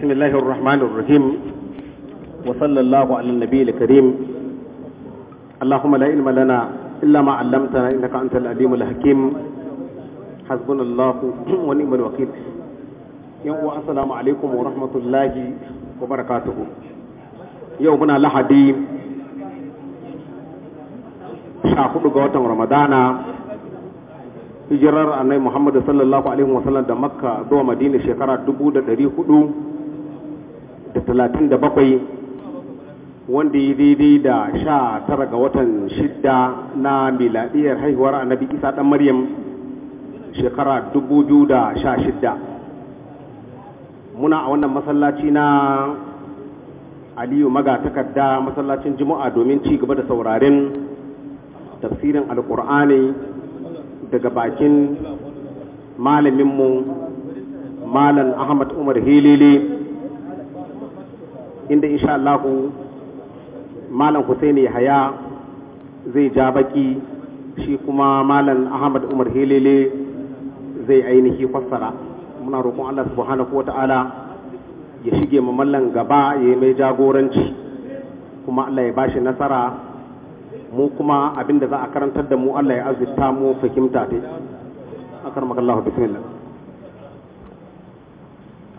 بسم الله الرحمن الرحيم وصلى الله على النبي الكريم اللهم لا علم لنا إلا ما علمتنا إنك أنت العليم الحكيم حسبنا الله ونعم الوكيل يوم السلام عليكم ورحمة الله وبركاته يومنا لحدي شاهد قوة رمضان hijirar annai muhammadu sallallahu alaihi wasallam da makka zuwa madina shekara dubu da ɗari hudu da talatin da bakwai wanda ya daidai da sha tara ga watan shidda na miladiyar haihuwar annabi isa dan maryam shekara dubu biyu da sha shidda muna a wannan masallaci na aliyu magatakarda masallacin juma'a domin ci gaba da sauraren tafsirin alkur'ani daga bakin malaminmu malam ahmad umar helele inda insha Allah malam Hussein Yahaya zai ja baki shi kuma malam Ahmad Umar Helele zai ainihi fassara muna roƙon Allah subhanahu wata'ala ya shige mu mallan gaba ya yi mai jagoranci kuma Allah ya bashi nasara mu kuma abinda za a karantar da mu Allah ya azurta mu fahimta dai akar makallahu bismillah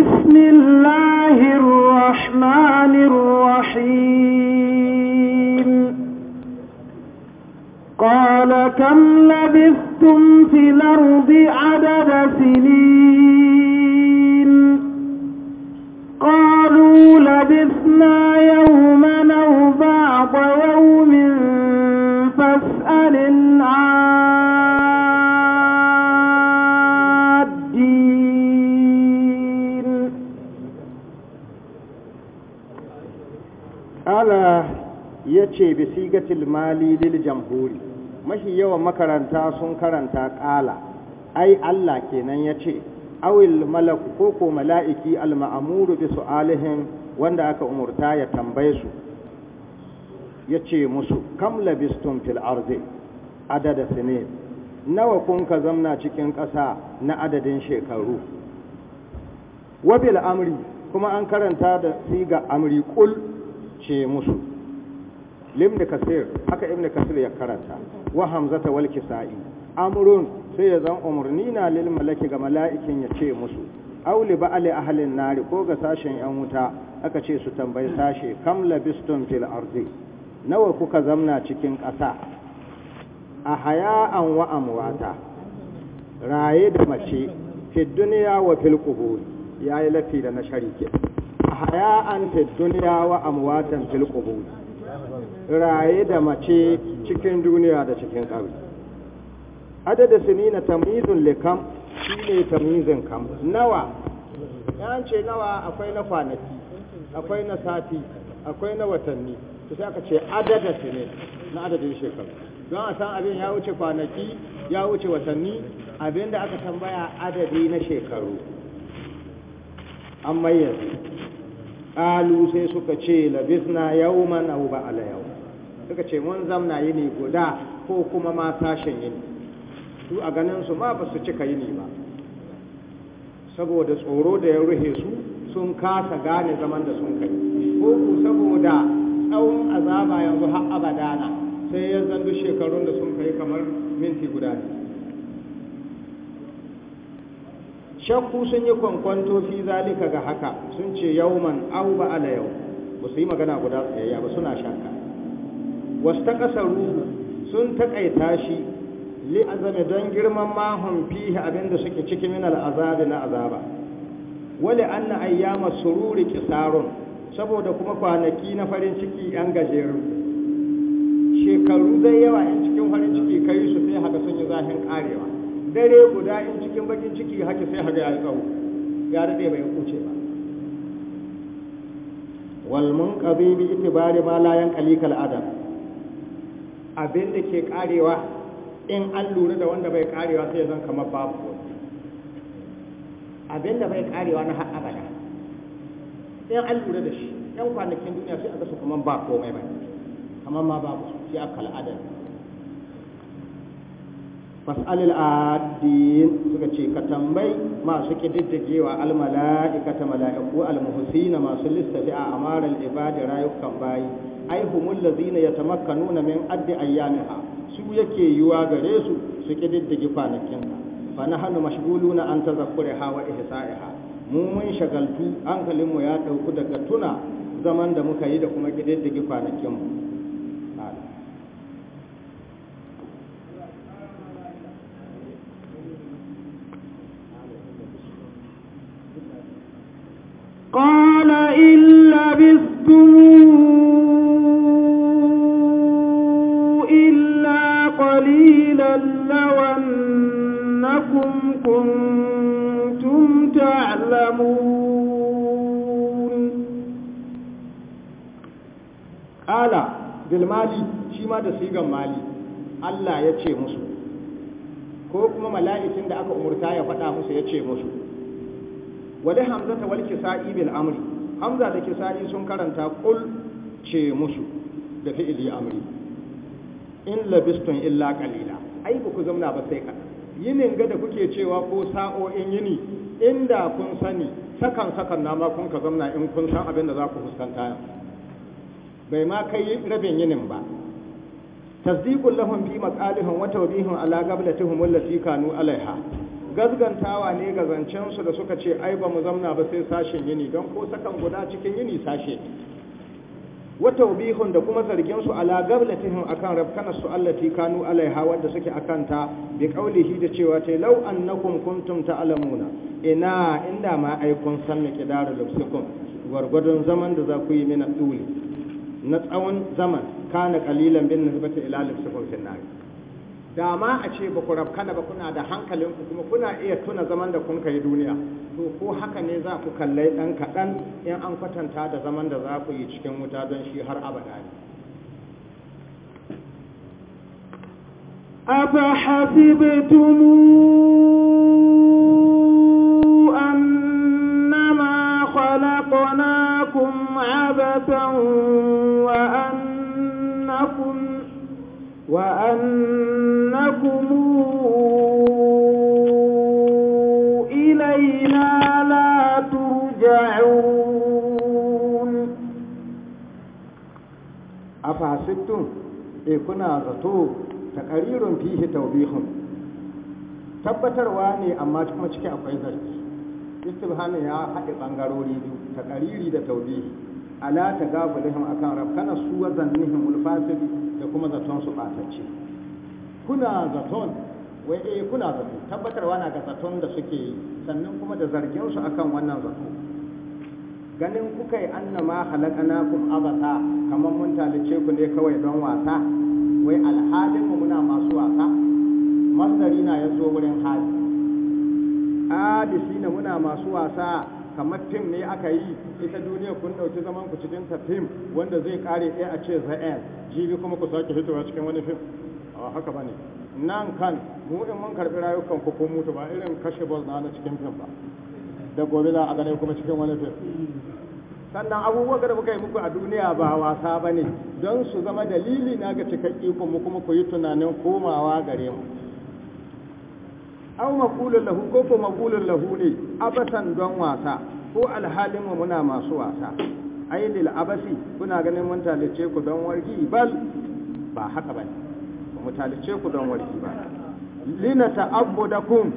بسم الله الرحمن الرحيم قال كم لبثتم في الأرض عدد سنين قالوا لبثنا يوما أو بعض يوم فاسأل الله ce bi sigatil mali lil jamhuri mashi yawan makaranta sun karanta ƙala ai Allah kenan ya ce awil malaku ko ko mala'iki al ma'muru bi su'alihim wanda aka umurta ya tambaye su ya ce musu kam labistum fil ardi adada sinin nawa kun ka zamna cikin ƙasa na adadin shekaru wabil amri kuma an karanta da siga amri kul ce musu limni kasir haka ibn kasir ya karanta wa hamzata wal kisa'i amrun sai ya zan umarni na lil malaki ga mala'ikin ya ce musu auli ba ali ahlin nari ko ga sashen yan wuta aka ce su tambayi sashe kam labistum fil ardi nawa kuka zamna cikin ƙasa a an wa amwata raye da mace fi duniya wa fil qubur yayi lafi da na sharike a haya'an fi duniya wa amwatan fil qubur raye da mace cikin duniya da cikin ƙabri adada tamizin lekam shi shine tamizin kam nawa yan ce nawa akwai na kwanaki akwai na sati akwai na watanni ta sai aka ce adada sinin na adadin shekaru don a san abin ya wuce kwanaki ya wuce watanni abin da aka tambaya adadi na shekaru an mayyaza ƙalu sai suka ce labisna yauman abu ba'ala yau suka ce mun zamna yini guda ko kuma ma sashen yini su a ganin su ma ba su cika yini ba saboda tsoro da ya ruhe su sun kasa gane zaman da sun kai ko ku saboda tsawon azaba yanzu har na sai ya zandu shekarun da sun kai kamar minti guda ne shakku sun yi kwankwanto fi zalika ga haka sun ce yauman au ba ala yau ba su yi magana guda tsayayya ba suna shakka wasu takasaru sun takaita shi li azami don girman mahun fihi abinda suke ciki min al'azabi na azaba wali an na ayyama sururi kisarun saboda kuma kwanaki na farin ciki yan gajeru shekaru zai yawa in cikin farin ciki kai su sai haka sun yi zahin karewa dare guda in cikin bakin ciki haka sai haka ya yi tsawo ya daɗe bai kuce ba wal munqadi bi itibari ma la yanqali kal adam abin da ke karewa in an lura da wanda bai karewa sai zan kama babu abin da bai karewa na har abada in an lura da shi yan kwanakin duniya sai a ga su kamar ba komai ba kamar ma babu shi a kal'adar fas'alil adin suka ce ka tambayi masu kididdigewa almala'ikata mala'iku almuhusina masu lissafi a amaral ibadi rayukan bayi ai humul ladina yatamakkanuna min addi ayyamiha su yake yuwa gare su su kididdige kwanakin ka fa hannu mashghuluna an tazakkuriha wa ihsa'iha mu mun shagaltu hankalin mu ya dauku daga tuna zaman da muka yi da kuma kididdige kwanakin mu bilmali shi ma da sigan mali Allah ya ce musu ko kuma mala'ikin da aka umurta ya faɗa musu ya ce musu wadda hamza ta walki sa'i bil amri hamza da sa'i sun karanta kul ce musu da fi'ili amri in labistun illa qalila ai ku zamna ba sai kaɗan yinin ga da kuke cewa ko sa'o'in yini inda kun sani sakan sakan nama kun ka zamna in kun san abin da za ku fuskanta bai ma kai rabin yinin ba tasdiqul lahum bi maqalihim wa tawbihim ala qablatihim allati kanu alaiha gazgantawa ne ga zancen su da suka ce ai ba mu zamna ba sai sashen yini don ko sakan guda cikin yini sashe wa tawbihun da kuma zargin su ala qablatihim akan rabkana su allati kanu alaiha wanda suke akan ta bi qaulihi da cewa ta law annakum kuntum ta'lamuna ina inda ma ai kun san miqdarul lubsukum gwargwadon zaman da za ku yi mina duli na tsawon zaman kana kalilan bin nisbati ila lifsikum fil nar da ma a ce ba ku rafkana ba kuna da hankalin ku kuma kuna iya tuna zaman da kun kai duniya to ko haka ne za ku kallai ɗan kaɗan in an kwatanta da zaman da za ku yi cikin wuta don shi har abada ne أفحسبتموه sittun e kuna zato ta taqarirun fihi taubihun tabbatarwa ne amma kuma cike akwai zarki istibhana ya haɗe ɓangarori biyu ƙariri da taubihi ala tagabulihim akan rabkana su wa zannihin ulfasid da kuma zaton su ɓatacce kuna zaton wai e kuna zato tabbatarwa na ga zaton da suke yi sannan kuma da zargin su akan wannan zato ganin kuka yi halaka na kun abata kamar mun talice ku ne kawai don wasa wai alhalin mu muna masu wasa masdari na ya zo wurin hali abisi na muna masu wasa kamar fim ne aka yi ita duniya kun dauki zaman ku cikin ta fim wanda zai kare sai a ce za'en jibi kuma ku sake fitowa cikin wani fim a haka bane nan kan mu in mun karbi rayukan ku kun mutu ba irin kashe bol na cikin fim ba da gobe za a gane kuma cikin wani fim sannan abubuwan da muka yi muku a duniya ba wasa ba ne don su zama dalili na ga cikakki mu kuma ku yi tunanin komawa gare mu au makulun lahu ko ko makulun lahu ne abasan don wasa ko alhalin mu muna masu wasa ai lil abasi kuna ganin mun talice ku don wargi bal ba haka ba ba mu talice ku don wargi ba lina ta'abbudakum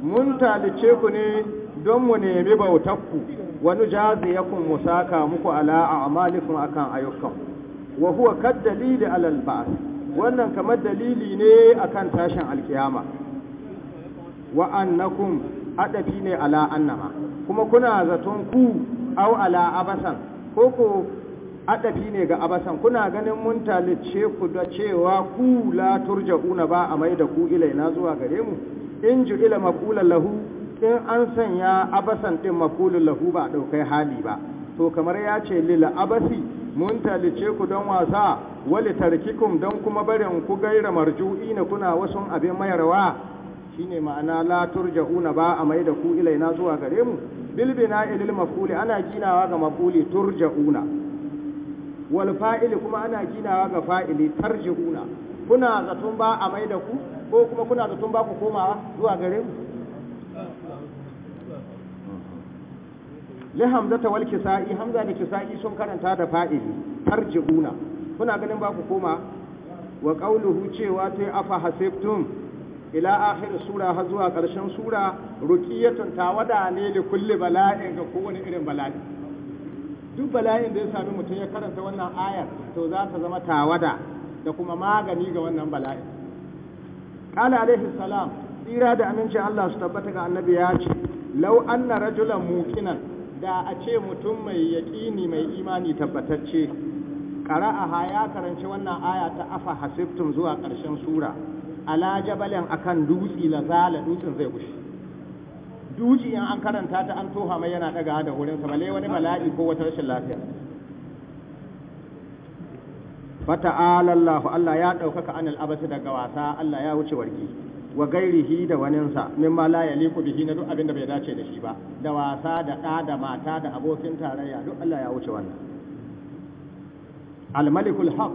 mun talice ku ne don mu nemi bautakku wani jazi ya kun musaka muku ala a amalikun akan ayyukan wa huwa kad dalili alal ba'as wannan kamar dalili ne akan tashin alkiyama wa annakum adafi ne ala annama kuma kuna zaton ku au ala abasan ko adafi ne ga abasan kuna ganin mun talice ku da cewa ku la turja'una ba a mai da ku ilaina zuwa gare mu in ju ila maqulan lahu in an sanya abasan ɗin makulun lahu ba ɗaukai hali ba to kamar ya ce lil abasi mun talice ku don wasa wali tarkikum don kuma barin ku gaira marju'i na kuna wasu abin mayarwa shine ma'ana la turja'una ba a mai da ku ilaina zuwa gare mu bilbina ilil mafuli ana ginawa ga mafuli turja'una wal fa'ili kuma ana ginawa ga fa'ili tarji'una kuna zaton ba a mai da ku ko kuma kuna zaton ba ku komawa zuwa gare mu li hamzata wal kisa'i hamza da kisa'i sun karanta da fa'ili tarjibuna kuna ganin ba ku koma wa qawluhu cewa tay afa hasibtum ila akhir sura har zuwa karshen sura ruqiyatun tawada ne da kulli bala'in ga kowane irin bala'i duk bala'in da ya sami mutum ya karanta wannan ayar to za ta zama tawada da kuma magani ga wannan bala'in qala alaihi salam tsira da aminci Allah su tabbata ga annabi ya ce law anna rajulan mukinan da a ce mutum mai yaƙini mai imani tabbatacce ƙara'aha ya karanci wannan aya ta afa hasiftun zuwa ƙarshen sura ala jabalin akan dutsi la zala dutsin zai gushi dutsi in an karanta ta an toha mai yana ɗaga da wurin sa wani bala'i ko wata rashin lafiya fata'alallahu Allah Allah ya ɗaukaka anil abasi daga wasa Allah ya wuce warki wa gairihi da waninsa mimma la yaliku bihi na duk abinda bai dace da shi ba da wasa da ɗa da mata da abokin tarayya duk Allah ya wuce wannan al haq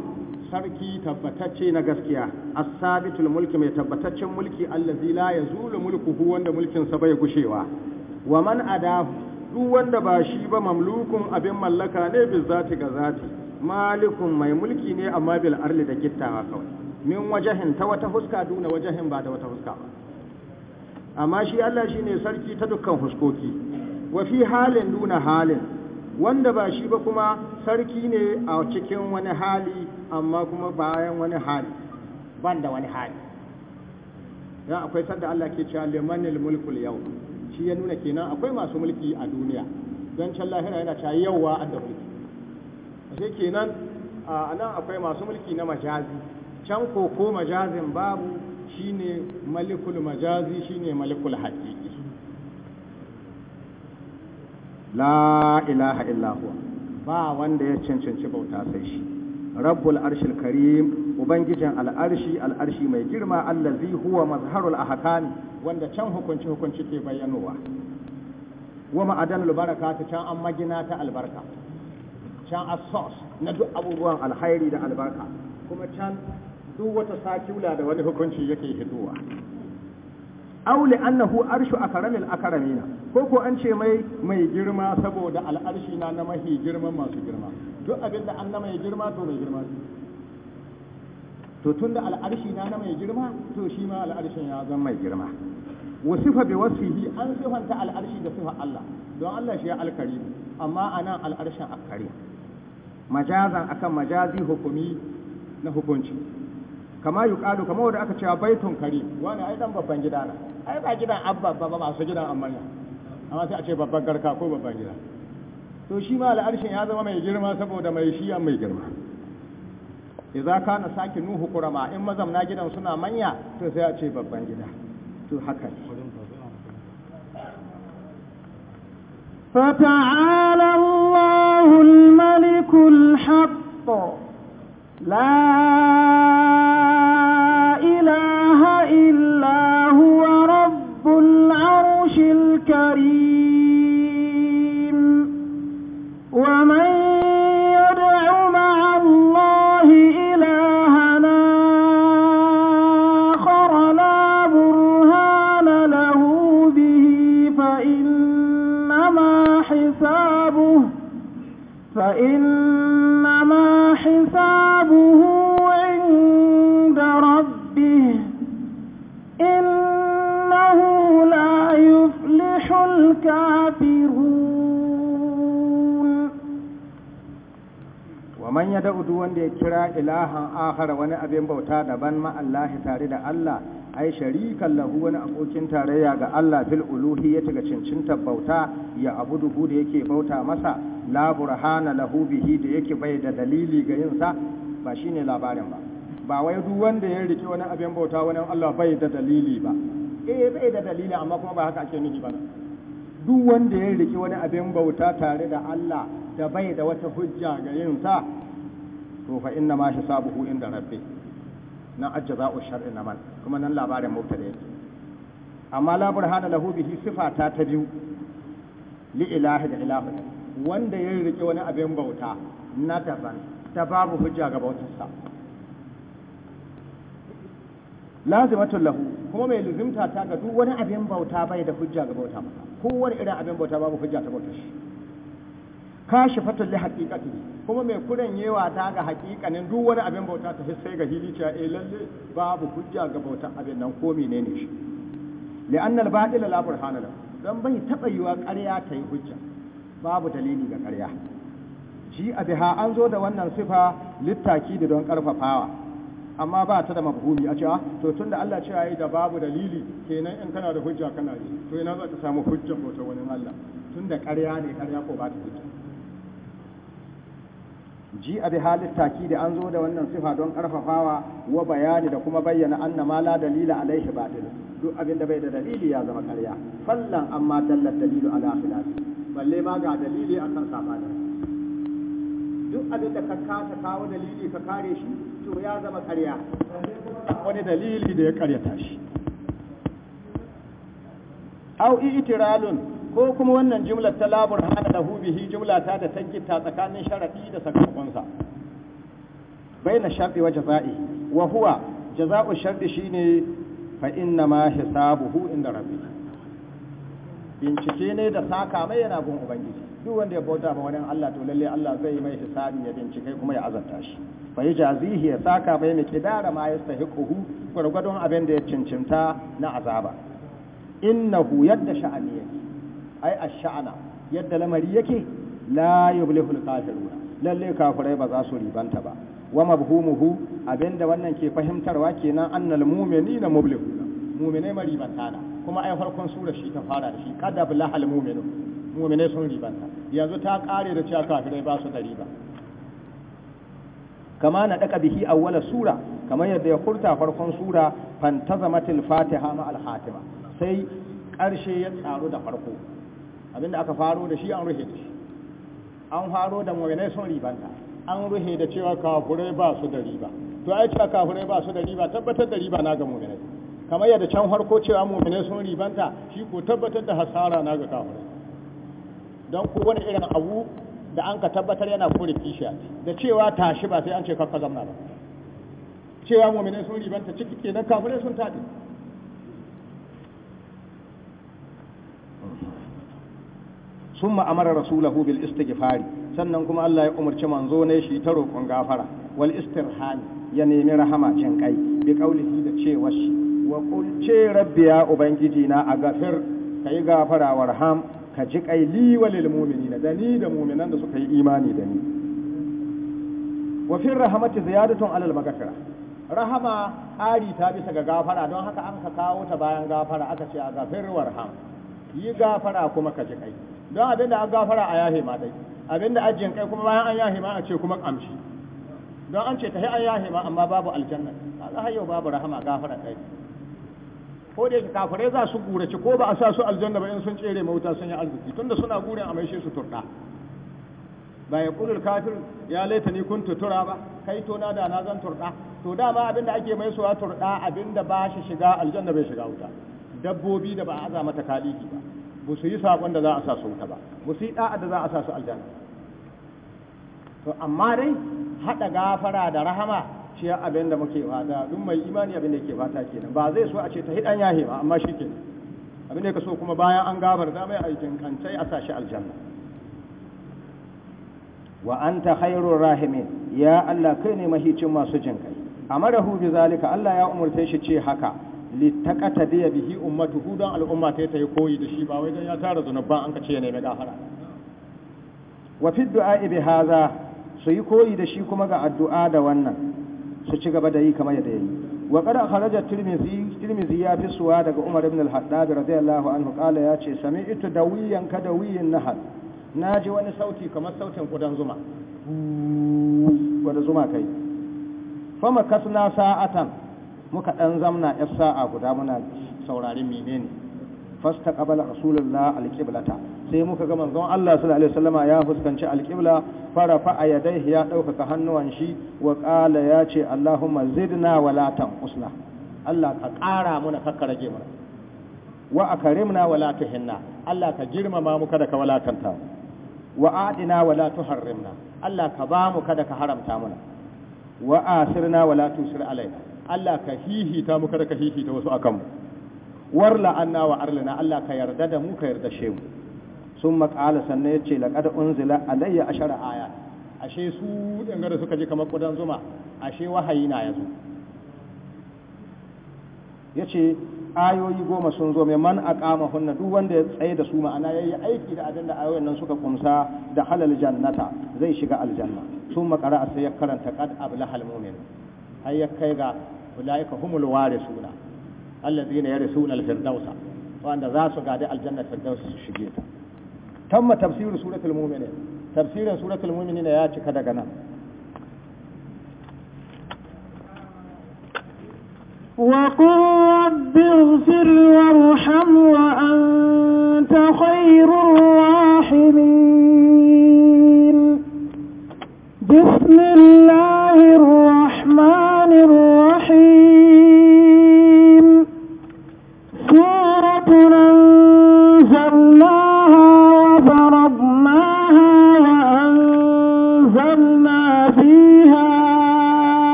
sarki tabbatacce na gaskiya as-sabitul mulki mai tabbataccen mulki allazi la yazulu mulkuhu wanda mulkin sa bai gushewa wa man ada duk wanda ba shi ba mamlukun abin mallaka ne bi zati ga zati malikun mai mulki ne amma bil arli da gittawa kawai min wajahin ta wata huska duna wajahin ba da wata huska ba amma shi Allah shi ne sarki ta dukkan huskoki wa fi halin duna halin wanda ba shi ba kuma sarki ne a cikin wani hali amma kuma bayan wani hali ban da wani hali ya akwai sadda Allah ke cewa limanil mulkul yau shi ya nuna kenan akwai masu mulki a duniya don can lahira yana cewa yauwa adda mulki ashe kenan a nan akwai masu mulki na majazi can ko ko majazin babu shine malikul majazi shine malikul haƙiƙi la ilaha illa huwa ba wanda ya cancanci bauta sai shi rabbul arshil karim ubangijin al'arshi al'arshi mai girma allazi huwa mazharul ahkam wanda can hukunci hukunci ke bayyanowa wa ma'adanul ta can an magina ta albarka can as na duk abubuwan alhairi da albarka kuma can duk wata sakula da wani hukunci yake hitowa aule annahu arshu akaramil akaramina ko ko an ce mai mai girma saboda al'arshi na na mahi girman masu girma duk abin da an na mai girma to mai girma to tunda al'arshi na na mai girma to shi ma al'arshin ya zama mai girma wa sifa bi wasfihi an sifanta al'arshi da sifa Allah don Allah shi ya alkarim amma anan al'arshin akari majazan akan majazi hukumi na hukunci kama yuqalu kama wanda aka cewa baitun kari wani ai dan babban gida na ai ba gidan abba ba masu gidan amanya amma sai a ce babban garka ko babban gida to shi ma al'arshin ya zama mai girma saboda mai shi mai girma idza kana nuhu kurama in mazamna gidan suna manya to sai a ce babban gida to haka فتعالى الله الملك الحق لا الكريم man ya da'udu wanda ya kira ilahan akhara wani abin bauta daban ma Allah tare da Allah ai sharikan lahu wani abokin tarayya ga Allah fil uluhiyyati ga cincinta bauta ya hu da yake bauta masa la burhana lahu bihi da yake bai da dalili ga yin sa ba shine labarin ba ba wai duk wanda ya rike wani abin bauta wani Allah bai da dalili ba eh bai da dalili amma kuma ba haka ake nufi ba duk wanda ya rike wani abin bauta tare da Allah da bai da wata hujja ga yin sa to fa inna ma sabuhu inda rabbi na ajza'u shar'i man kuma nan labarin mubtada yake amma la burhana lahu bihi sifata ta biyu li ilahi da ilahu wanda ya rike wani abin bauta na daban ta babu hujja ga bautarsa lazimatul lahu kuma mai luzimta ta ga duk wani abin bauta bai da hujja ga bauta masa kowane irin abin bauta babu hujja ta bautar shi kashi fatalli haƙiƙati kuma mai kuren yewa ta ga haƙiƙanin duk wani abin bauta ta sai ga hili cewa eh lalle babu hujja ga bauta abin nan ko menene shi li'anna al-batila la burhana da, dan bai taba yiwa ƙarya ta yi hujja babu dalili ga ƙarya ji a biha an zo da wannan sifa littaki da don ƙarfafawa amma ba ta da mafhumi a cewa to tunda Allah cewa yayi da babu dalili kenan in kana da hujja kana yi to ina za ka samu hujja bautar wani Allah tunda ƙarya ne ƙarya ko ba ta hujja ji a bi halin taki da an zo da wannan sifa don karfafawa wa bayani da kuma bayyana anna ma la dalila alaihi batil duk abin da bai da dalili ya zama karya fallan amma dallat dalilu ala khilafi balle ma ga dalili akan sabani duk abin da ka kasa kawo dalili ka kare shi to ya zama karya wani dalili da ya karyata shi au itiralun ko kuma wannan jumlar ta labur hana lahu bihi jumla ta da ta tsakanin sharafi da sakamakonsa na shafi wa jaza'i wa huwa jaza'u shardi shine fa inna ma hisabuhu inda rabbi bincike ne da saka mai yana gun ubangiji duk wanda ya bauta ma wani Allah to lalle Allah zai yi mai hisabi ya bincike kuma ya azanta shi fa jazihi ya saka mai mai kidara ma yastahiquhu gurgurdon abin da ya cincinta na azaba innahu yadda sha'ani yake ai ash-sha'na yadda lamari yake la yublihul kafiruna lalle kafirai ba za su ribanta ba wa mabhumuhu abinda wannan ke fahimtarwa kenan annal mu'minina mublihuna mu'minai ma ribanta na kuma ai farkon sura shi ta fara da shi kada bilahal mu'minu mu'minai sun ribanta yanzu ta kare da cewa kafirai ba su da riba kama na daka bihi awwala sura kamar yadda ya furta farkon sura fantazamatil fatiha ma al-hatima sai karshe ya tsaro da farko abinda aka faro da shi an ruhe da shi an faro da mu'minai sun ribanta an ruhe da cewa kafurai ba su da riba to ai cewa kafurai ba su da riba tabbatar da riba na ga mu'minai kamar yadda can harko cewa mu'minai sun ribanta shi ko tabbatar da hasara na ga kafurai don wani irin abu da an ka tabbatar yana kore kishiya da cewa tashi ba sai an ce kakka zamna ba cewa mu'minai sun ribanta ciki kenan kafurai sun tafi sun amara rasulahu bil istighfari sannan kuma Allah ya umarci manzo ne shi ta roƙon gafara wal istirhami ya nemi rahama jin kai bi qaulihi da cewa shi wa qul ce rabbi ya ubangiji na a gafir kai gafara warham ka ji kai li walil mu'minina da ni da mu'minan da suka yi imani da ni wa fi rahamati ziyadatun alal magafira rahama ƙari ta bisa ga gafara don haka an ka kawo ta bayan gafara aka ce a gafir warham yi gafara kuma ka ji kai don abin da an gafara a yahe ma dai abin da ajin kai kuma bayan an yahe ma a ce kuma kamshi don an ce ta an yahe ma amma babu aljanna Allah har yau babu rahama gafara kai ko da yake kafare za su gurace ko ba a sa su aljanna ba in sun tsere mauta sun yi arziki tunda suna gurin a maishe su turda ba ya kulul kafir ya laita ni kuntu tura ba kai to na da na zan turda to dama abin da ake mai suwa turda abinda ba shi shiga aljanna bai shiga wuta dabbobi da ba a aza mata kaliki ba ba su yi saƙon da za a sa su wuta ba ba su yi ɗa'a da za a sa su aljanna to amma dai haɗa gafara da rahama shi abin da muke fata duk mai imani abin da yake fata kenan ba zai so a ce ta hidan yahe ba amma shi kenan abin da ka so kuma bayan an gabar da mai aikin kancai a sa shi aljanna wa anta khairur rahimin ya Allah kai ne mahicin masu jin kai amarahu bi zalika Allah ya umurce shi ce haka littakata da bihi ummatuhu don al'umma ta ta yi koyi da shi ba wai don ya tara zunuban an ka ce mai gahara. gafara wa fi du'a bi haza su yi koyi da shi kuma ga addu'a da wannan su ci gaba da yi kamar yadda yayi wa qad kharaja tirmizi tirmidhi ya fi suwa daga umar ibn al-haddad radiyallahu anhu qala ya ce sami'tu dawiyan dawiyin nahal naji wani sauti kamar sautin kudan zuma wanda zuma kai fama kasna sa'atan muka ɗan zamna yar sa'a guda muna saurari menene fasta qabala rasulullah alqiblata sai muka ga manzon Allah sallallahu alaihi wasallama ya fuskanci alƙibla. fara fa ayadaihi ya ɗaukaka hannuwan shi wa qala ya ce Allahumma zidna wa la tanqusna Allah ka ƙara muna kakka rage mana wa akrimna wa la tuhinna Allah ka girmama mu kada ka walakanta wa adina wa la tuharrimna Allah ka ba mu kada ka haramta mana wa asirna wa la tusir alaina Allah ka hihita mu kada ka hihita wasu akan mu warla anna wa arlana Allah ka yarda da mu ka yarda she sun maƙala sannan ya ce laƙad unzila alayya ashara aya ashe su ɗin gada suka ji kamar ƙudan zuma ashe wahayi na ya zo ya ce ayoyi goma sun zo mai man a ƙama hunna duk wanda ya tsaye da su ma'ana ya yi aiki da abin da ayoyin nan suka kumsa da halal jannata zai shiga aljanna sun makara a sai ya karanta kad abla halmomin har ya kai ga ulaika humul warisuna allazina yarisuna al-firdausa wanda za su gadi aljanna firdaus su shige ta tamma tafsiru suratul mu'minin tafsirin suratul mu'minin ya cika daga nan وقل رب اغفر وارحم وأنت خير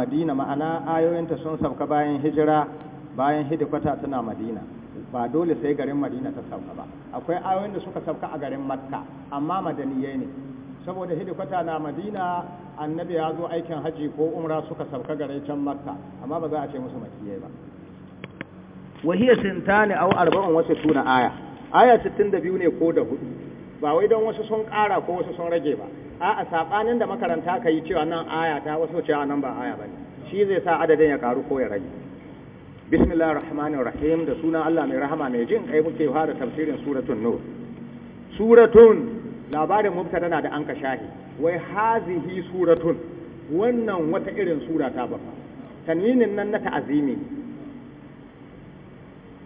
madina ma'ana ayoyinta sun sauka bayan hijira bayan hidikwata tana madina ba dole sai garin madina ta sauka ba akwai ayoyin da suka sauka a garin makka amma madaniyai ne saboda hidikwata na madina annabi ya zo aikin haji ko umra suka sauka gare can makka amma ba za a ce musu makiyai ba wahiyar sintani au arba'un wasu tuna aya aya 62 ne ko da hudu ba wai don wasu sun kara ko wasu sun rage ba a'a sabanin da makaranta ka yi cewa nan aya ta wasu cewa nan ba aya bane shi zai sa adadin ya karu ko ya rage bismillahir rahmanir rahim da sunan Allah mai rahama mai jin kai muke fara tafsirin suratul nur suratun labarin mubtada na da an ka shahi wai hazihi suratun wannan wata irin sura ta babba tanwinin nan na ta'azimi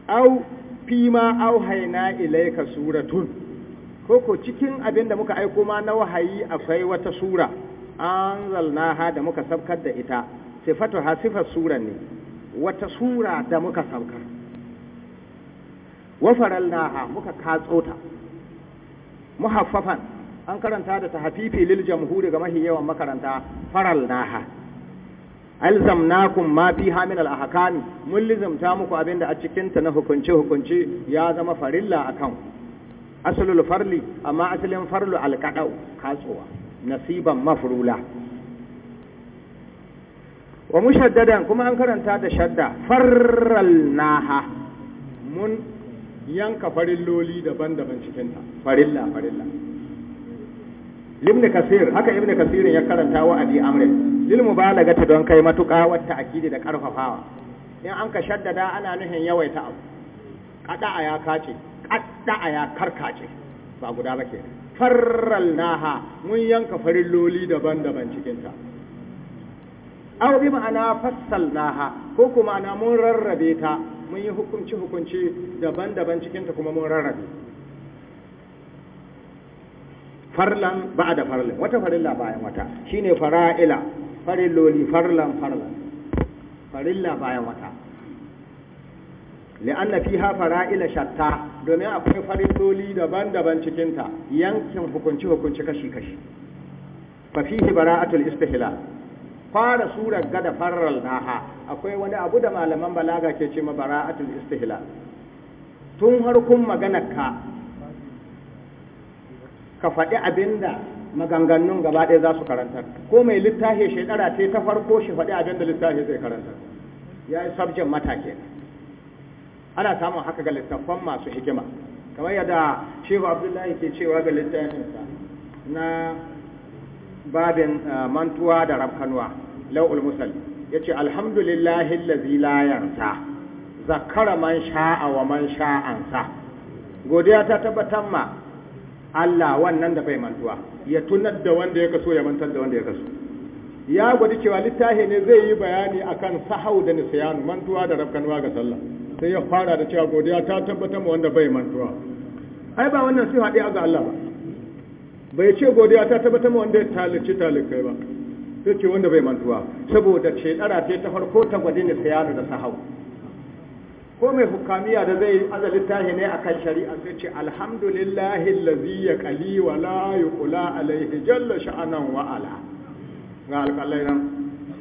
au fima auhaina ilaika suratun koko cikin abin da muka aiko ma na wahayi akwai wata sura an ha da muka sabkar da ita sifatu ha sifar sura ne wata sura da muka sabkar wafaral ha muka katso ta muhaffafan an karanta da tahfifi lil jamhuri ga mahi yawan makaranta faral naha alzamnakum ma fiha min al ahkami mun lizamta muku abinda a cikin ta na hukunce hukunce ya zama farilla akan ku asalul farli amma asalin farlu alkaɗau kasuwa nasiban mafrula wa mushaddadan kuma an karanta da shadda farralnaha mun yanka farilloli daban-daban cikinta farilla farilla libni kasir haka ibn kasirin ya karanta wa abi amrin lil mubalagata don kai matuƙa wata akidi da karfafawa in an ka shaddada ana nuhin yawaita abu kada ya kace kada ya karkace ba guda ba ke naha mun yanka farin loli daban-daban cikinta aw bi ma'ana naha ko kuma ana mun rarrabe ta mun yi hukunci hukunci daban-daban cikinta kuma mun rarrabe farlan ba da farlan wata farilla bayan wata shine fara'ila loli farlan farlan farilla bayan wata li'anna fiha fara'ila shatta domin akwai fariloli daban-daban cikinta yankin hukunci hukunci kashi-kashi fa fihi bara'atul istihlal fara surar gada farar naha akwai wani abu da malaman balaga ke ce ma bara'atul istihlal tun harkun maganar ka ka faɗi abinda maganganun gaba ɗaya za su karantar ko mai littafi shekara ce ta farko shi faɗi abinda littafi zai karantar ya yi sabjin mata kenan ana samun haka ga littattafan masu hikima kamar yadda shehu abdullahi ke cewa ga littafinsa na babin uh, mantuwa da rafkanuwa la'ul musal ya ce alhamdulillahi lazi layansa zakara man sha'a wa man sha'ansa godiya ta tabbatar ma Allah wannan da bai mantuwa ya tunar da wanda ya kaso ya mantar da wanda ya kaso ya gwada cewa littafi ne zai yi bayani akan sahau da nisyanu mantuwa da rafkanuwa ga sallah sai ya fara da cewa godiya ta tabbatar ma wanda bai mantuwa ai ba wannan sai haɗe ga Allah ba bai ce godiya ta tabbatar ma wanda ya talici talikai ba sai ce wanda bai mantuwa saboda ce dara ta ta farko ta gwade ne sayanu da sahau ko mai hukamiya da zai azali tahi ne akan shari'a sai ce alhamdulillahi allazi yaqali wa la yuqla alaihi jalla sha'anan wa ala ga alƙalai nan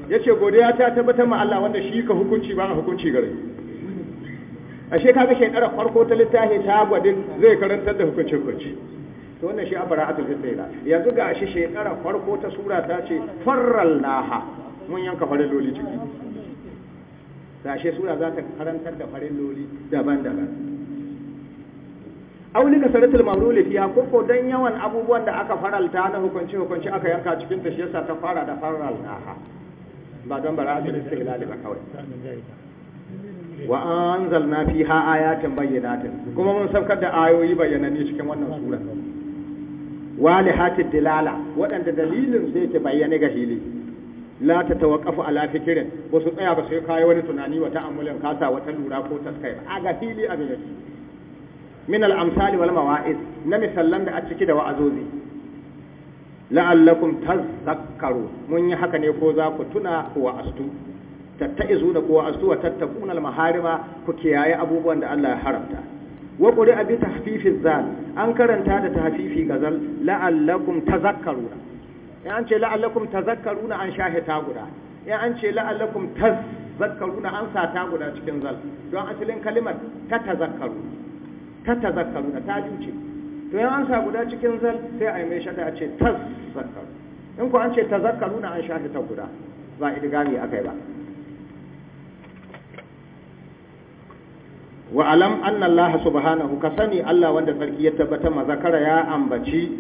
yace godiya ta tabbatar ma Allah wanda shi ka hukunci ba hukunci gare ashe kaga shekarar farko ta littafi ta gwadin zai karantar da hukunci hukunci to wannan shi abara'atul istila yanzu ga shi shekarar farko ta sura ta ce farrallaha mun yanka farin loli ciki ashe sura za ta karantar da farin loli daban-daban aulika saratul mamruli fiha koko dan yawan abubuwan da aka faralta na hukunci hukunci aka yanka cikin ta shi yasa ta fara da farrallaha ba don bara'atul istila ba kawai wa anzalna fiha ayatin bayyinatin kuma mun saukar da ayoyi bayyananne cikin wannan sura walihatid dilala waɗanda dalilin sai yake bayyane ga hili la ta tawaqafu ala fikrin ba tsaya ba sai kai wani tunani wa ta'ammulin kasa wata lura ko taskai a ga hili abin yake min al amsali wal mawa'iz na misallan da a ciki da wa'azozi la'allakum tazakkaru mun yi haka ne ko za ku tuna wa astu tatta'izu da kowa asu wa tattakun almaharima ku kiyaye abubuwan da Allah ya haramta wa quri abi tahfifiz zal an karanta da tahfifi gazal la'allakum tazakkaruna in an ce la'allakum tazakkaruna an shahita guda in an ce la'allakum tazakkaruna an ta guda cikin zal don asalin kalimar ta tazakkaru ta da ta juce to in an sa guda cikin zal sai a mai shada a ce tazakkaru in ku an ce tazakkaruna an shahita guda ba idgami akai ba wa alam anna Allah subhanahu ka sani Allah wanda sarki ya tabbata mazakara ya ambaci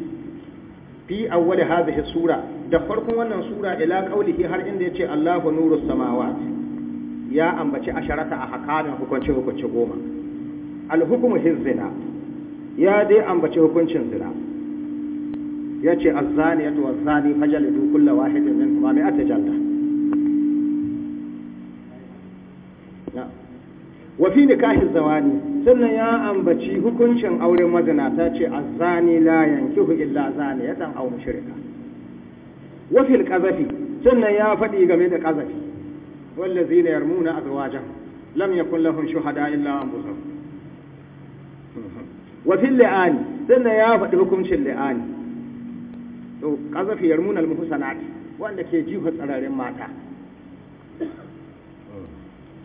fi awwali hadhihi sura da farkon wannan sura ila qaulihi har inda yace Allahu nuru samawati ya ambaci asharata a hakamin hukunci hukunci goma alhukumu hizzina ya dai ambaci hukuncin zina yace az-zaniyatu waz-zani fajlidu kulla wahidin minhum ma mi'ata jaldah wa fi nikahi zawani sannan ya ambaci hukuncin auren ta ce a zani la'yan kihu illa zani ya dan auri shirka wa fil sannan ya faɗi game da wanda ya wallazina yarmuna zawajen lam ya yakun lahum shuhada illa anfusuhum wa fil li'ani sannan ya faɗi hukuncin li'ani to ya yarmuna al muhsanat wanda ke jiho tsararin mata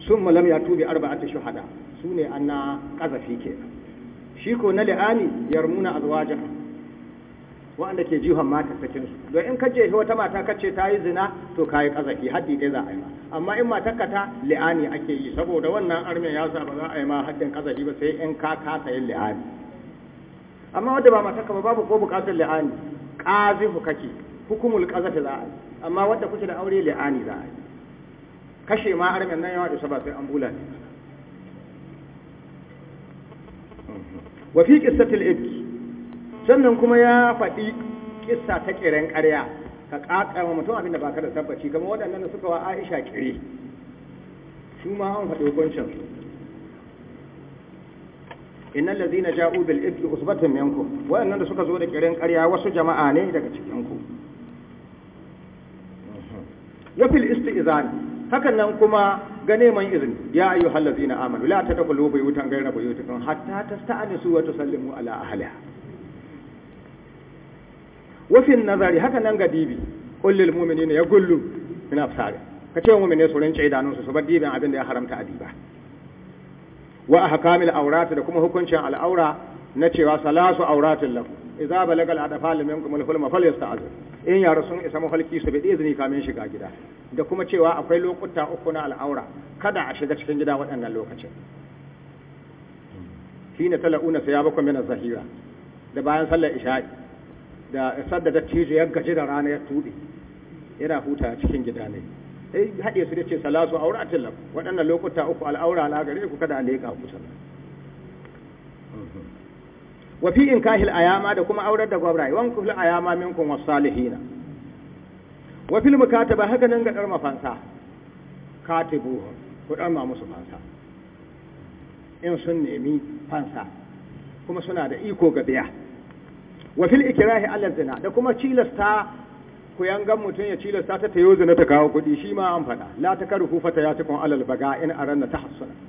sun malam ya tube arba'ata shuhada su ne an na ƙazafi ke shi ko na li'ani yarmuna azwaja waɗanda ke jihon mata sakin su don in kaje je wata mata ka ce ta yi zina to ka yi ƙazafi haddi dai za a yi amma in mata kata ta li'ani ake yi saboda wannan armen ya sa ba za a yi ma haddin ƙazafi ba sai in ka kasa yin li'ani amma wanda ba mata ka ba babu ko buƙatar li'ani ƙazifu kake hukumul ƙazafi za a yi amma wanda kuke da aure li'ani za a yi kashe ma armen nan yawa da ba sai an bula ne wa fi qissatil ibk sannan kuma ya faɗi kissa ta kiran ƙarya ka ƙaƙa mutum abin da baka da tabbaci kuma waɗannan suka wa Aisha kire su ma an faɗi hukuncin su innal ladhina ja'u bil ifki usbatun minkum waɗannan da suka zo da kiran ƙarya wasu jama'a ne daga cikin ku wa fil istizani Hakanan kuma ga neman izini ya ayyu na amanu la wutan buyutan ta buyutikum hatta su wa tusallimu ala ahliha wa fi nazari hakan nan ga dibi qul ya gullu ina min ka ce mu'mine su rinci idanunsu su bar dibin abin da ya haramta a diba wa ahkamil awrat da kuma hukuncin al'aura na cewa salasu auratin lahu idza balagal adafa lam yankum al hulma falyasta'az in ya sun isa mahalki su bi izini kamin shiga gida da kuma cewa akwai lokuta uku na al'aura kada a shiga cikin gida waɗannan lokacin hina tala'una sai ya bakwai mina zahira da bayan sallar isha'i da sadda da tijo ya gaji da rana ya tuɗe yana huta cikin gida ne eh haɗe su da ce salasu auratin lam waɗannan lokuta uku al'aura al'agare ku kada a leka ku sallah wa fi kahil ayama da kuma aurar da gwabrai wan kul ayama minkum wasalihina wa fil mukataba haka nan ga ɗarma fansa katibu ku ɗarma musu fansa in sun nemi fansa kuma suna da iko ga biya wa fil ikrahi ala zina da kuma cilasta ku yangan mutum ya cilasta ta tayo zina ta kawo kuɗi shi ma an faɗa la takarhu fata ya alal baga in aranna tahassuna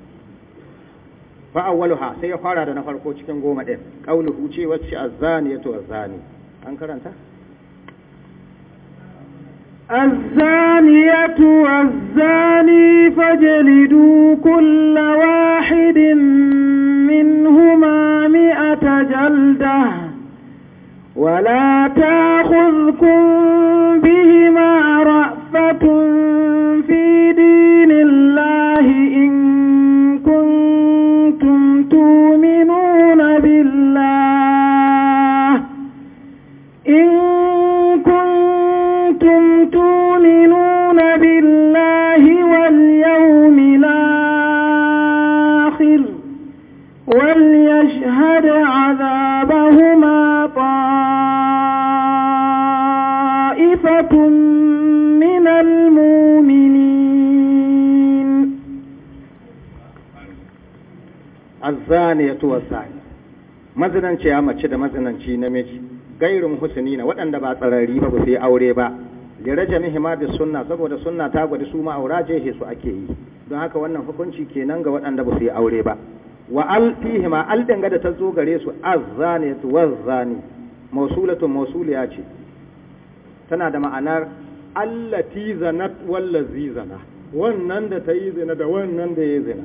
fa awwaluha sai ya fara da na farko cikin goma din qauluhu ce wacce azzani yato azzani an karanta azzaniyatu azzani fajlidu kulla wahidin minhumma mi'ata jaldah wa la ta'khudhkum bihi azzaniyatu mazinanci ya mace da mazinanci namiji gairun husnina waɗanda ba tsarari ba sai aure ba liraja hima bi sunna saboda sunna ta gwada su ma jehe su ake yi don haka wannan hukunci kenan ga waɗanda ba su yi aure ba wa al fihima al da ta zo gare su azzaniyatu wazani mausuliya ce tana da ma'anar allati zanat wallazi zana wannan da ta yi zina da wannan da ya zina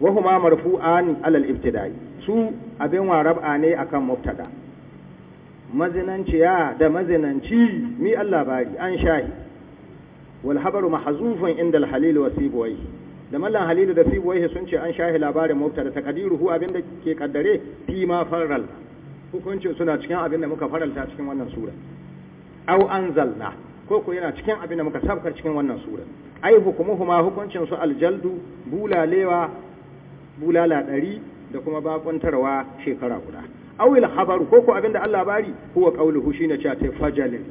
wa huma marfu'an alal ibtida'i su abin wa rab'a ne akan mubtada mazinanciya da mazinanci mi Allah bari an shahi wal habaru mahzufun inda al halil wa da mallan halilu da sibwayhi sun ce an shahi labarin mubtada taqdiruhu abin da ke kaddare fi ma faral hukuncin suna cikin abin da muka faralta cikin wannan sura aw anzalna ko ko yana cikin abin da muka sabkar cikin wannan sura ai kuma hukuncin su aljaldu bulalewa bulala ɗari da kuma bakuntarwa shekara guda awil habaru ko ko abinda Allah bari huwa qauluhu shine cewa ta fajalin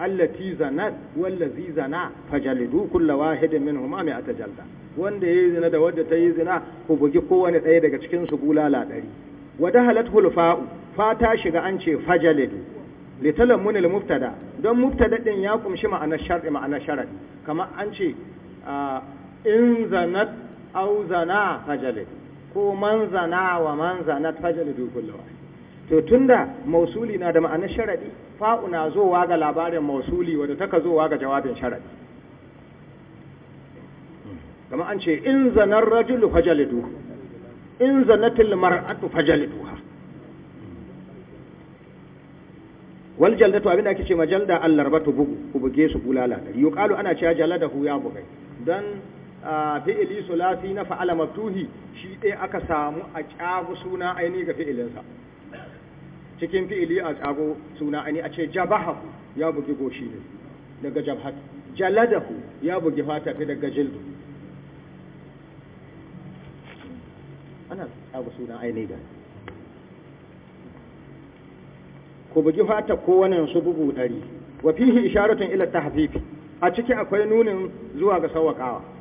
allati zanat wallazi zana fajalidu kullu wahidin minhuma mi'ata jalda wanda yayi zina da wanda ta yi zina ku bugi kowane ɗaya daga cikin su bulala ɗari wada halat hulfa'u fata shiga an ce fajalidu litalammun al-mubtada don mubtada din ya kumshi ma'ana shar'i ma'ana sharadi kamar an ce in zanat aw zana fajalidu ko man zana wa man zana fajalidu kullu to tunda mausuli na da ma'anar sharadi fa'u na zowa ga labarin mausuli wadda taka zowa ga jawabin sharadi kama an ce in zanar rajulu fajalidu in zanatil mar'atu fajaliduha wal jaldatu abinda ake ce majalda allarbatu bugu ku buge su bulala yuqalu ana cewa jaladahu ya bugai dan fi'ili sulasi na fa'ala maftuhi shi ɗaya aka samu a ƙyago suna aini ga fi'ilinsa cikin fi'ili a ƙyago suna aini a ce jabahahu ya bugi goshi ne daga jabhat jaladahu ya bugi fata fi daga jildu ana ƙyago suna aini da ku bugi fata kowane su bugu ɗari wa fihi isharatun ila tahfifi a ciki akwai nunin zuwa ga sawakawa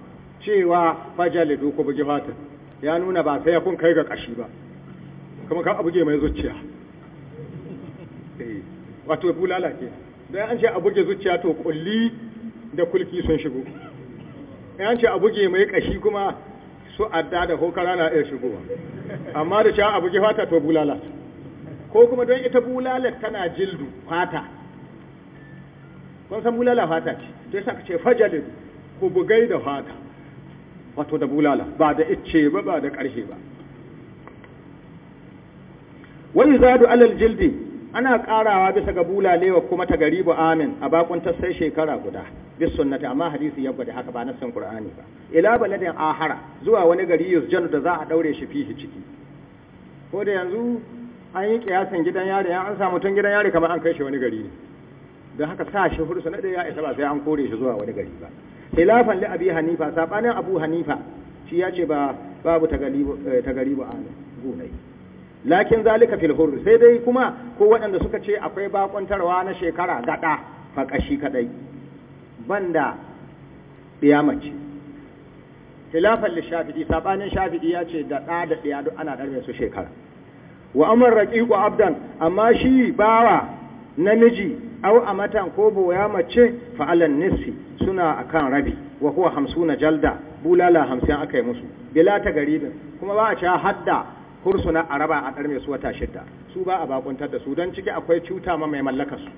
cewa fajalidu ko buge fata ya nuna ba sai kun kai ga kashi ba kuma ka abuge mai zuciya eh, wato bulala ke da an ce abuge zuciya to kulli da kulki sun shigo an ce abuge mai kashi kuma su adda da hokara na iya shigowa amma da cewa abuge fata to bulala ko kuma don ita lalace tana jildu fata kun san bulala fata ce to yasa ka ce fajalidu ku bugai da fata wato da bulala ba da icce ba ba da ƙarshe ba wani zadu alal jildi ana ƙarawa bisa ga bulalewa kuma ta gari bu amin a bakuntar sai shekara guda bis sunnati amma hadisi ya gwada haka ba na san qur'ani ba ila baladin ahara zuwa wani gari yusjanu da za a daure shi fihi ciki ko da yanzu an yi kiyasan gidan yari an samu tun gidan yari kamar an kai shi wani gari ne don haka sa shi hursu na da ya isa ba sai an kore shi zuwa wani gari ba khilafan li abi hanifa sabanin abu hanifa shi ya ce ba babu tagaribu eh, a gunai lakin zalika fil hurr sai dai kuma ko waɗanda suka ce akwai tarwa na shekara gada kashi kadai banda biyamaci khilafan li shafi'i sabanin shafi'i ya ce da ɗa da ɗiya ana darbe su shekara wa amar raqiqu abdan amma shi bawa namiji au amatan matan ko boya mace fa'alan nisfi suna akan rabi wa huwa hamsuna jalda bulala hamsin aka yi musu bila ta garibin kuma ba a ci hadda kursuna a raba a ɗarme su wata shidda su ba a bakuntar da su don ciki akwai cuta ma mai mallaka su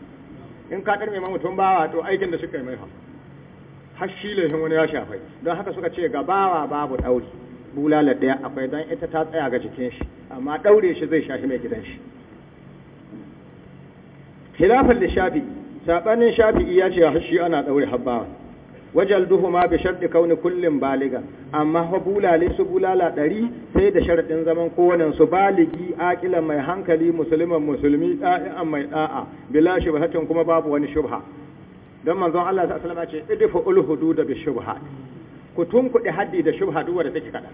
in ka ɗarme ma mutum bawa to aikin da suka yi mai har shi laifin wani ya shafai don haka suka ce ga bawa babu ɗauri bulala ɗaya akwai don ita ta tsaya ga jikin shi amma ɗaure shi zai shafi mai gidan shi khilafan da shafi'i sabanin shafi'i ya ce shi ana daure habba duhu ma bi sharti kauni kullin baliga amma fa bulale su bulala ɗari sai da sharadin zaman kowannen su baligi aqila mai hankali musulman musulmi da'i'an mai da'a bila shubhatin kuma babu wani shubha dan manzon Allah sallallahu alaihi wasallam ya ce idfu ul hudud bi shubha ku tunkuɗe haddi da shubha duwar da take kada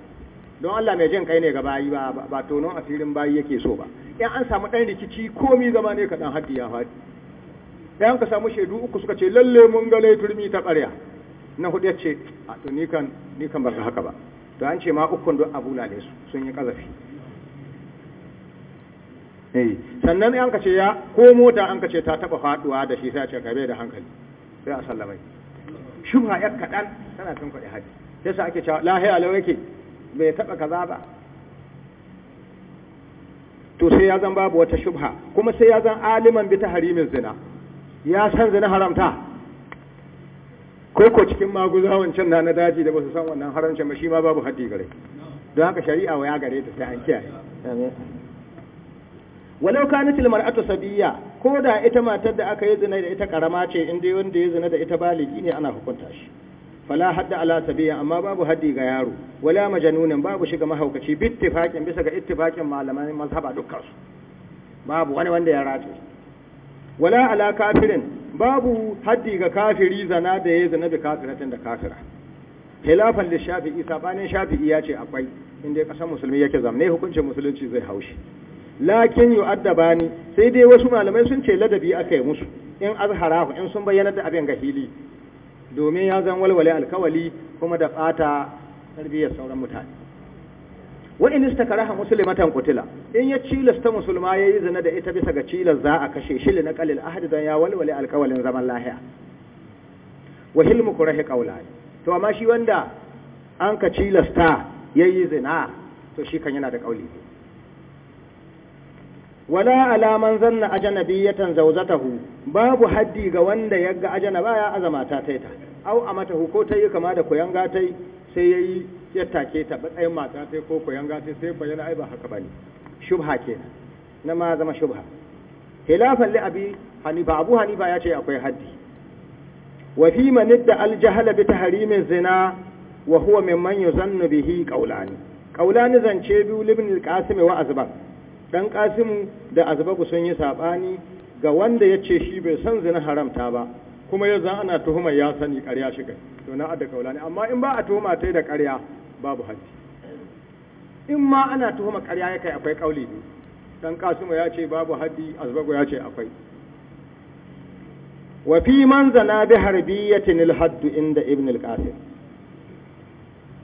don Allah mai jin kai ne ga bayi ba ba tonon asirin bayi yake so ba in an samu dan rikici komi zama ne ka dan haddi ya fadi dan ka samu shaidu uku suka ce lalle mun ga turmi ta ƙarya na hudu ya ce a to ni kan ni kan ba haka ba to an ce ma uku don abu na su sun yi kazafi eh sannan an ka ce ya ko mota an ka ce ta taba faduwa da shi sai a ce ka bai da hankali sai a sallamai shubha ya kadan tana tun kuɗi haji sai sa ake cewa lahiya lawa yake bai taɓa kaza ba to sai ya zan babu wata shubha kuma sai ya zan aliman bi tahrimin zina ya san zina haramta ko ko cikin maguzawancin na na daji da basu san wannan haramcin ba shi ma babu haddi gare don haka shari'a wa ya gare ta sai an kiyaye walau kanat al mar'atu sabiyya ko da ita matar da aka yi zina da ita karama ce inda wanda ya zina da ita baligi ne ana hukunta shi fala hadda ala tabiya amma babu haddi ga yaro wala majanunan babu shiga mahaukaci bittifaqin bisa ga ittifaqin malaman mazhaba dukkan su babu wani wanda ya race wala ala kafirin babu haddi ga kafiri zana da yayi zana bi kafiratin da kafira khilafan li shafi'i sabanin shafi'i ya ce akwai inda kasan musulmi yake zamne hukuncin musulunci zai haushi lakin yu'addabani ni sai dai wasu malamai sun ce ladabi akai musu in azharahu in sun bayyana da abin gahili. domin ya zan walwale alkawali kuma da ɓata tarbiyyar sauran mutane wa in istakaraha muslimatan qutila in ya cilasta musulma ya yi zina da ita bisa ga cilas za a kashe shi na qalil ahad dan ya walwale alkawalin zaman lahiya wa hilmu kurahi qawlani to amma shi wanda an ka cilasta yayi zina to shi kan yana da kauli wala alaman zanna ajanabiyatan zauzatahu babu haddi ga wanda ya ga ajanaba ya azama ta taita au amata ko ta yi kama da koyanga gatai sai ya yi ya take ta matsayin mata sai ko koyanga gatai sai bayyana ai ba haka bane shubha ke na ma zama shubha hilafan li abi hanifa abu hanifa ya ce akwai haddi wa fi man idda al jahala bi tahrimiz zina wa huwa mimman yuzannu bihi qawlani qawlani zance biyu libn al qasim wa azban dan kasimu da azbaku sun yi sabani ga wanda ya ce shi bai san zina haramta ba kuma yanzu ana tuhuma ya sani ƙarya shi kai to na adda kaulani amma in ba a tuhuma tai da ƙarya babu haji in ma ana tuhuma ƙarya ya kai akwai kauli ne dan kasimu ya ce babu haddi azbaku ya ce akwai wa fi man zana bi harbiyatin al-hadd inda ibn al-qasim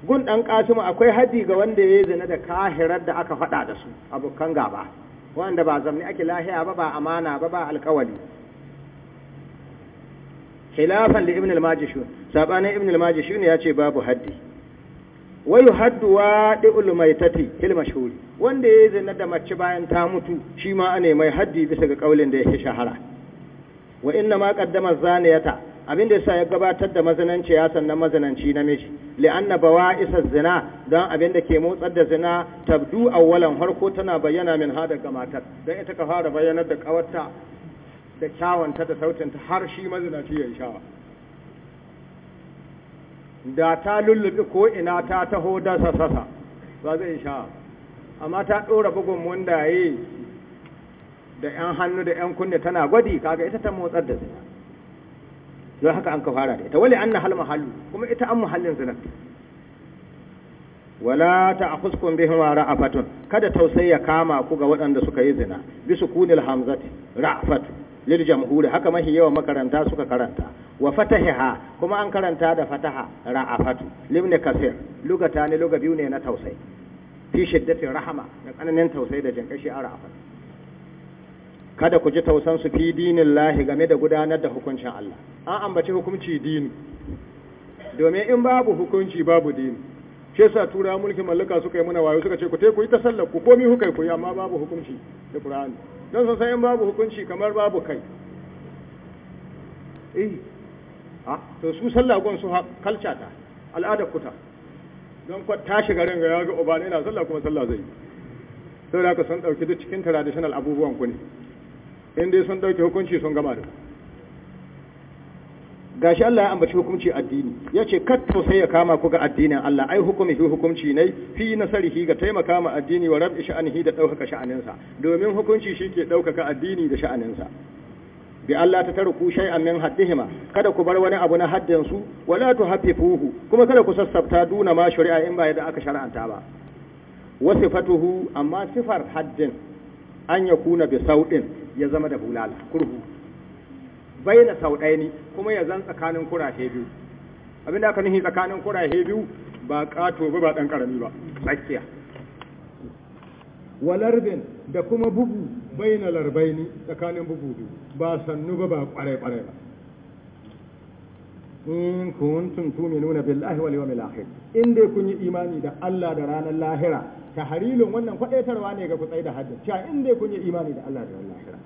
gun ɗan ƙasimu akwai haddi ga wanda ya zina da kahirar da aka faɗa da su abokan gaba wanda ba zamni ake lahiya ba ba amana ba ba alkawali khilafan li ibn al-majishun sabanin ibn al-majishun ya ce babu haddi wa di wadi'ul maitati fil mashhur wanda ya zina da mace bayan ta mutu shi ma ne mai haddi bisa ga kaulin da ya shahara wa inna ma qaddama zaniyata abin da yasa ya gabatar da mazananci ya sannan mazananci namiji li'anna bawa'isa zina don abin da ke motsar da zina tabdu awwalan harko tana bayyana min hada ga matar don ita ka fara bayyanar da kawarta da kyawanta da sautinta har shi mazananci ya shawa da ta lullubi ko ina ta taho da sasasa ba zai sha amma ta ɗora bugun mundaye da 'yan hannu da 'yan kunne tana gwadi kaga ita ta motsar da zina don haka an ka fara da ita wale an na halma halu kuma ita an muhallin zina wala ta a kuskun bihin wa ra'afatun kada tausayi ya kama ku ga waɗanda suka yi zina bisu kuni hamzati ra'afatu lil jamhuri haka mahi yawan makaranta suka karanta wa fataha kuma an karanta da fataha ra'afatu libni kasir lugata ne lugabi ne na tausayi fi shiddatin rahama da tsananin tausayi da jinkashi a ra'afatu kada ku ji tausan su fi dinin lahi game da gudanar da hukuncin Allah an ambaci hukunci dini domin in babu hukunci babu dini Ke sa tura mulkin mallaka suka yi muna wayo suka ce ku te ku yi ta sallar ku komi hukai ku yi amma babu hukunci da Qur'ani don sun san in babu hukunci kamar babu kai eh ha ah, to su sallah gon su kalcha ta al'ada kuta don kwa tashi garin ga yaga uba ne na sallah kuma sallah zai yi saboda haka sun dauki duk cikin traditional abubuwan ku ne in dai sun dauke hukunci sun gama da gashi Allah ya ambaci hukunci addini yace ce sai ya kama ku ga addinin Allah ai hukumi fi hukunci ne fi nasarihi ga taimaka ma addini wa rabbi sha'anihi da daukaka sha'aninsa domin hukunci shi ke ɗaukaka addini da sha'aninsa bi Allah ta tarku shay'an min haddihima kada ku bar wani abu na haddin su wala tuhaffifuhu kuma kada ku sassafta duna ma shari'a in ba yadda aka shar'anta ba wasifatuhu amma sifar haddin an yakuna bi saudin ya zama da bulala kurhu baina sau ɗaya ne kuma ya zan tsakanin kurashe biyu abin da aka nufi tsakanin kurashe biyu ba ƙato ba ba ɗan ƙarami ba tsakiya walarbin da kuma bugu larbai larbaini tsakanin bugu biyu ba sannu ba ba ƙwarai-ƙwarai ba in kuntum tuminuna billahi wal yawmil akhir in dai kun yi imani da Allah da ranar lahira Kaharilun wannan kwadaitarwa ne ga ku tsaye da hajji cewa in dai kun yi imani da Allah da wannan lahira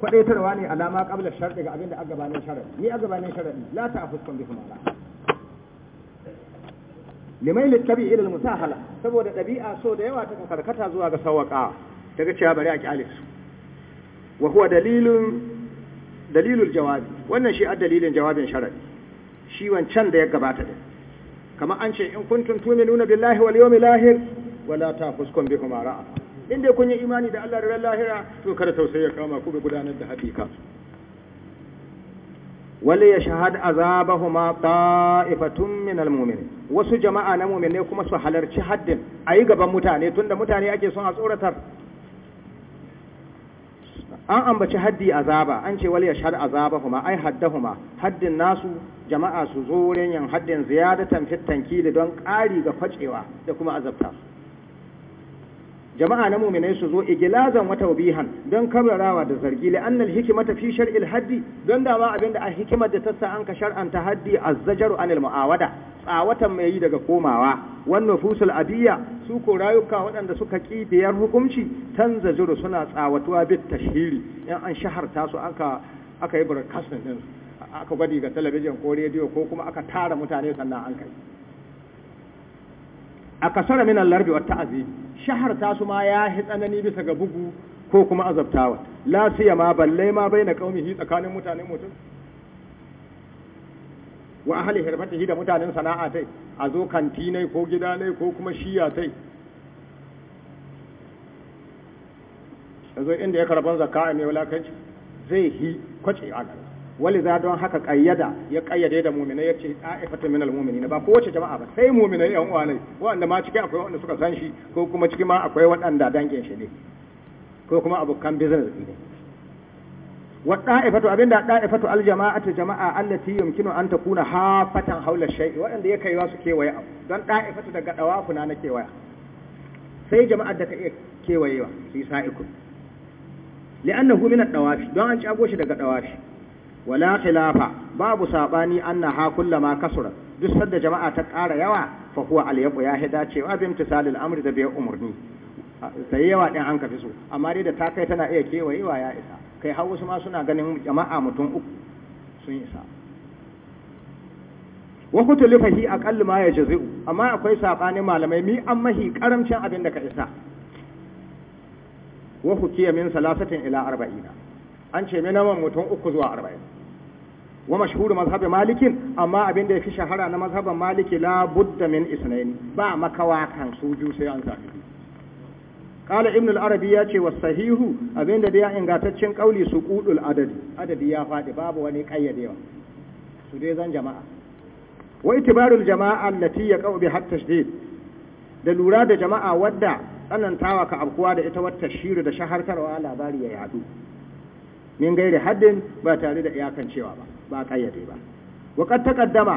kwadaitarwa ne alama qabla shar'i ga abin da aka gabanin shar'i ni aka gabanin shar'i la afuskan bi mala Limai tabi ila al-musahala saboda dabi'a so da yawa ta karkata zuwa ga sawaka daga cewa bari a ki su wa huwa dalilun dalilul jawab wannan shi dalilin jawabin shar'i shi wancan da ya gabata din kamar an ce in kuntum tu'minuna billahi wal yawmil akhir wala ta fuskon bi kuma ra'a in dai kun yi imani da Allah da ran lahira to kada tausayi ya kama ku ga gudanar da haƙiƙa wala ya shahad azabahuma ta'ifatun min almu'minin wasu jama'a na mu'minai kuma su halarci haddin ayi gaban mutane tunda mutane ake son a tsoratar an ambaci haddi azaba an ce ya shahad azabahuma ai haddahuma haddin nasu jama'a su zo wurin yan haddin ziyadatan fit tankili don ƙari ga kwacewa da kuma azabta su jama'a na muminai su zo igilazan wa tawbihan don kabrarawa da zargi li annal hikmata fi shar'il haddi don da abinda a hikimar da tassa an ka shar'anta haddi azzajaru anil muawada tsawatan mai yi daga komawa wannan fusul abiya su ko rayuka waɗanda suka ki biyar hukunci tanzajuru suna tsawatuwa bit tashiri in an shaharta su aka aka yi broadcasting din aka gwadi ga talabijin ko rediyo ko kuma aka tara mutane sannan an kai a kasara min al-larbi wa shaharta su ma ya yi tsanani bisa ga bugu ko kuma azabtawa la ma balle ma baina hi tsakanin mutanen mutum wa ahli hirfatihi da mutanen sana'a tai a zo kanti ne ko gida ko kuma shiya tai yanzu inda ya karban zakka mai wulakanci zai hi kwace a gaba wali za don haka kayyada ya kayyade da mu'minai ya ce ta'ifatu minal mu'minin ba kowace jama'a ba sai mu'minai yan uwa ne wanda ma cikin akwai wanda suka san shi ko kuma cikin ma akwai waɗanda dangin shi ne ko kuma abokan business ne wa da'ifatu abinda da'ifatu aljama'atu jama'a allati yumkinu an takuna hafatan haula shay'i waɗanda ya kaiwa su kewaye abu don da'ifatu daga dawafu na kewaya sai jama'ar da ka iya kewayewa su yi sa'iku li'annahu min ad an shi daga wala khilafa babu sabani annaha kullama kasura duk sadda jama'a ta ƙara yawa fa huwa alyaqu ya hida cewa bi imtisalil amri da bi umurni sai yawa din an kafi so amma dai da ta kai tana iya kewayewa ya isa kai har wasu ma suna ganin jama'a mutum uku sun isa wa kutulifa hi aqall ma yajzi'u amma akwai sabani malamai mi an mahi karamcin abin da ka isa wa hukiya min salasatin ila arba'ina an ce minaman mutum uku zuwa arba'in wa mashhuru mazhab malikin amma abin da yafi shahara na mazhaban maliki la budda min isnaini ba makawa kan suju sai an zafi. kala ibn al-arabi ya ce wasahihu abin da ya ingantaccen kauli su qudul adadi adadi ya fadi babu wani kayyadewa su dai zan jama'a wa itibarul jama'a allati yaqau bi hatta tashdid da lura da jama'a wadda tsanantawa ka abkuwa da ita wata shiru da shahartarwa labari ya yadu min gairi haddin ba tare da iyakancewa ba ba kayyade ba wa ta taqaddama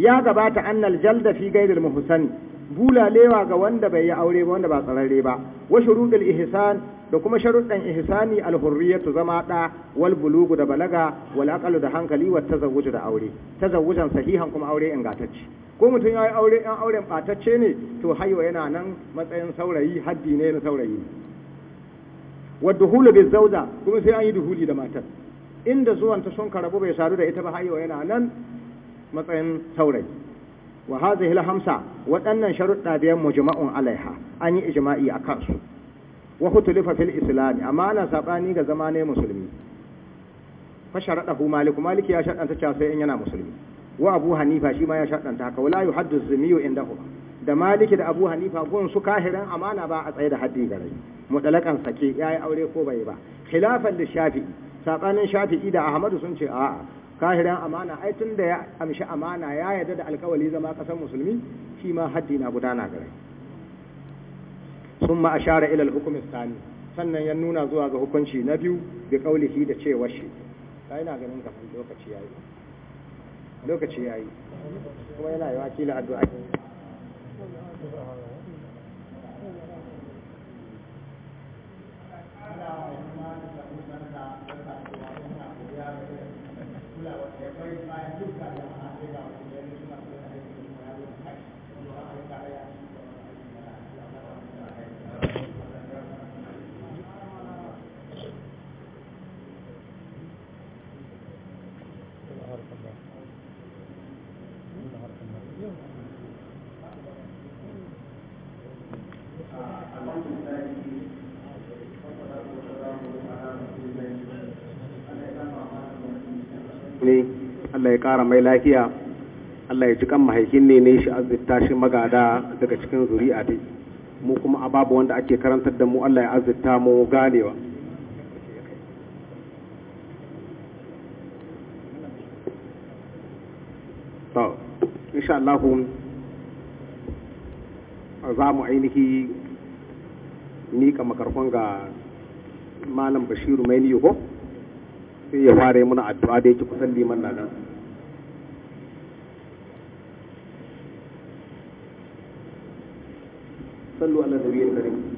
ya gabata annal jalda fi ghayril muhsani bulalewa ga wanda bai yi aure ba wanda ba tsararre ba wa shurudul ihsan da kuma sharuɗan ihsani alhurriyatu zama ɗa wal bulugu da balaga wal aqalu da hankali wa tazawwuju da aure tazawwujan sahihan kuma aure ingantacce ko mutum ya yi aure ɗan auren ɓatacce ne to haiwa yana nan matsayin saurayi haddi ne na saurayi ne wa duhulu bi zauda kuma sai an yi duhuli da matar inda zuwan ta sun karabu bai sadu da ita ba har yana nan matsayin saurayi wa hadhihi hamsa waɗannan sharuɗa biyan mujma'un alaiha an yi ijma'i a kansu wa hutulifa fil islam amma ana sabani ga zama musulmi fa sharadahu malik malik ya shaɗanta cewa sai in yana musulmi wa abu hanifa shi ma ya shaɗanta haka wala yuhaddu zumiyu indahu da maliki da abu hanifa gun su kahiran amana ba a tsaye da haddi garai mutalakan sake yayi aure ko bai ba khilafan lishafi'i sakanin shafi'i da ahmadu sun ce a'a kahiran amana ai tun da ya amshi amana ya yarda da alkawali zama kasar musulmi shi ma haddi na gudana gare sun ma ashara ilal hukumin sani sannan ya nuna zuwa ga hukunci na biyu bi kaulihi da cewa shi ka ganin kafin lokaci yayi lokaci yayi kuma yana yi wakilin addu'a Thank you. Allah ya ƙara mai lafiya Allah ya ji kan mahaifin ne ne shi azurta shi magada daga cikin zuri'a dai mu kuma ababu wanda ake karantar da mu Allah ya azurta mu ganewa to insha Allah za mu ainihi ka makarfon ga malam bashiru mai ko sai ya fara muna addu'a da yake kusan liman nan lo han adherido